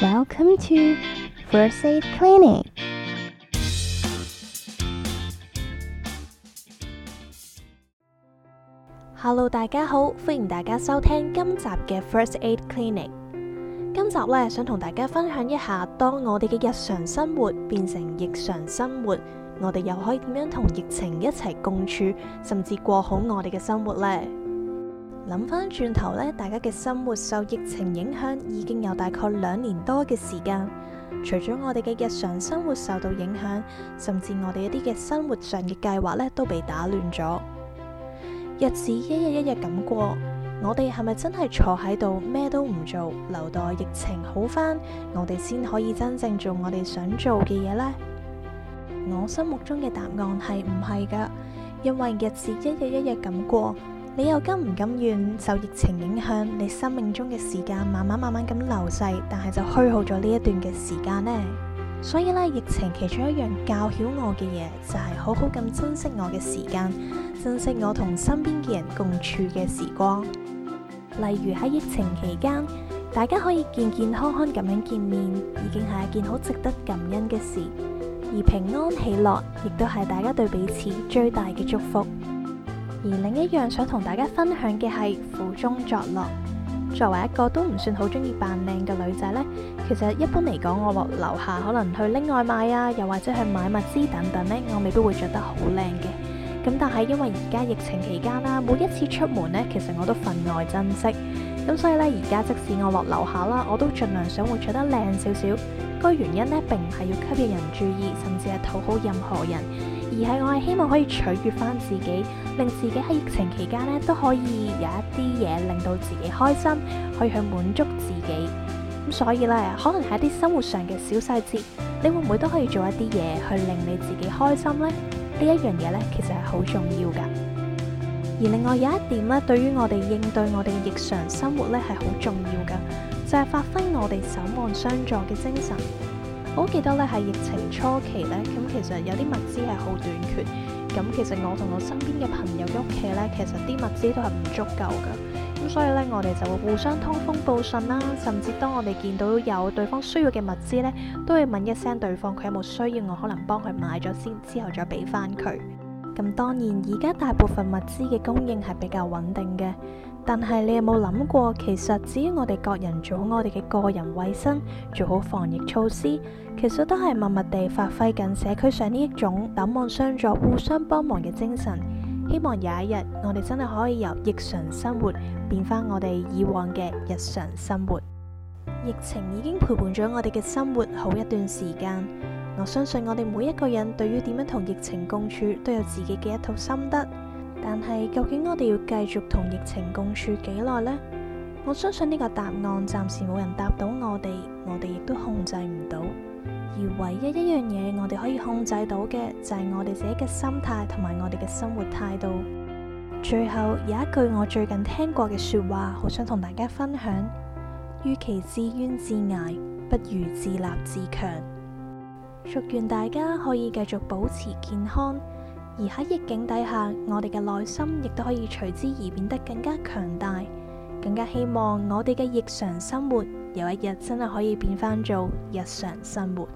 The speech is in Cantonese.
Welcome to First Aid Clinic. Hello，大家好，歡迎大家收聽今集嘅 First Aid Clinic。今集呢，想同大家分享一下，當我哋嘅日常生活變成疫常生活，我哋又可以點樣同疫情一齊共處，甚至過好我哋嘅生活呢？諗返轉頭呢，大家嘅生活受疫情影響，已經有大概兩年多嘅時間。除咗我哋嘅日常生活受到影響，甚至我哋一啲嘅生活上嘅計劃咧都被打亂咗。日子一日一日咁過，我哋係咪真係坐喺度咩都唔做，留待疫情好翻，我哋先可以真正做我哋想做嘅嘢呢？我心目中嘅答案係唔係噶因為日子一日一日咁過。你又甘唔甘願受疫情影響，你生命中嘅時間慢慢慢慢咁流逝，但係就虛耗咗呢一段嘅時間呢？所以咧，疫情其中一樣教曉我嘅嘢就係、是、好好咁珍惜我嘅時間，珍惜我同身邊嘅人共處嘅時光。例如喺疫情期間，大家可以健健康康咁樣見面，已經係一件好值得感恩嘅事。而平安喜樂，亦都係大家對彼此最大嘅祝福。而另一樣想同大家分享嘅係苦中作樂。作為一個都唔算好中意扮靚嘅女仔呢，其實一般嚟講，我落樓下可能去拎外賣啊，又或者去買物資等等呢，我未必會着得好靚嘅。咁但係因為而家疫情期間啦，每一次出門呢，其實我都分外珍惜。咁所以呢，而家即使我落樓下啦，我都盡量想會着得靚少少。個原因呢，並唔係要吸引人注意，甚至係討好任何人，而係我係希望可以取悦翻自己，令自己喺疫情期間呢都可以有一啲嘢令到自己開心，可以去滿足自己。咁所以咧，可能係一啲生活上嘅小細節，你會唔會都可以做一啲嘢去令你自己開心呢？呢一樣嘢呢，其實係好重要噶。而另外有一點呢，對於我哋應對我哋嘅日常生活呢，係好重要噶。就係發揮我哋守望相助嘅精神。我記得呢係疫情初期呢，咁其實有啲物資係好短缺。咁其實我同我身邊嘅朋友屋企呢，其實啲物資都係唔足夠噶。咁所以呢，我哋就會互相通風報信啦。甚至當我哋見到有對方需要嘅物資呢，都會問一聲對方佢有冇需要，我可能幫佢買咗先，之後再俾翻佢。咁當然而家大部分物資嘅供應係比較穩定嘅。但係你有冇諗過？其實只要我哋各人做好我哋嘅個人衛生，做好防疫措施，其實都係默默地發揮緊社區上呢一種守望相助、互相幫忙嘅精神。希望有一日，我哋真係可以由疫常生活變翻我哋以往嘅日常生活。 疫情已經陪伴咗我哋嘅生活好一段時間，我相信我哋每一個人對於點樣同疫情共處都有自己嘅一套心得。但係，究竟我哋要繼續同疫情共處幾耐呢？我相信呢個答案暫時冇人答到我哋，我哋亦都控制唔到。而唯一一樣嘢我哋可以控制到嘅，就係我哋自己嘅心態同埋我哋嘅生活態度。最後有一句我最近聽過嘅說話，好想同大家分享：與其自怨自艾，不如自立自強。祝願大家可以繼續保持健康。而喺逆境底下，我哋嘅內心亦都可以隨之而變得更加強大，更加希望我哋嘅疫常生活，有一日真係可以變翻做日常生活。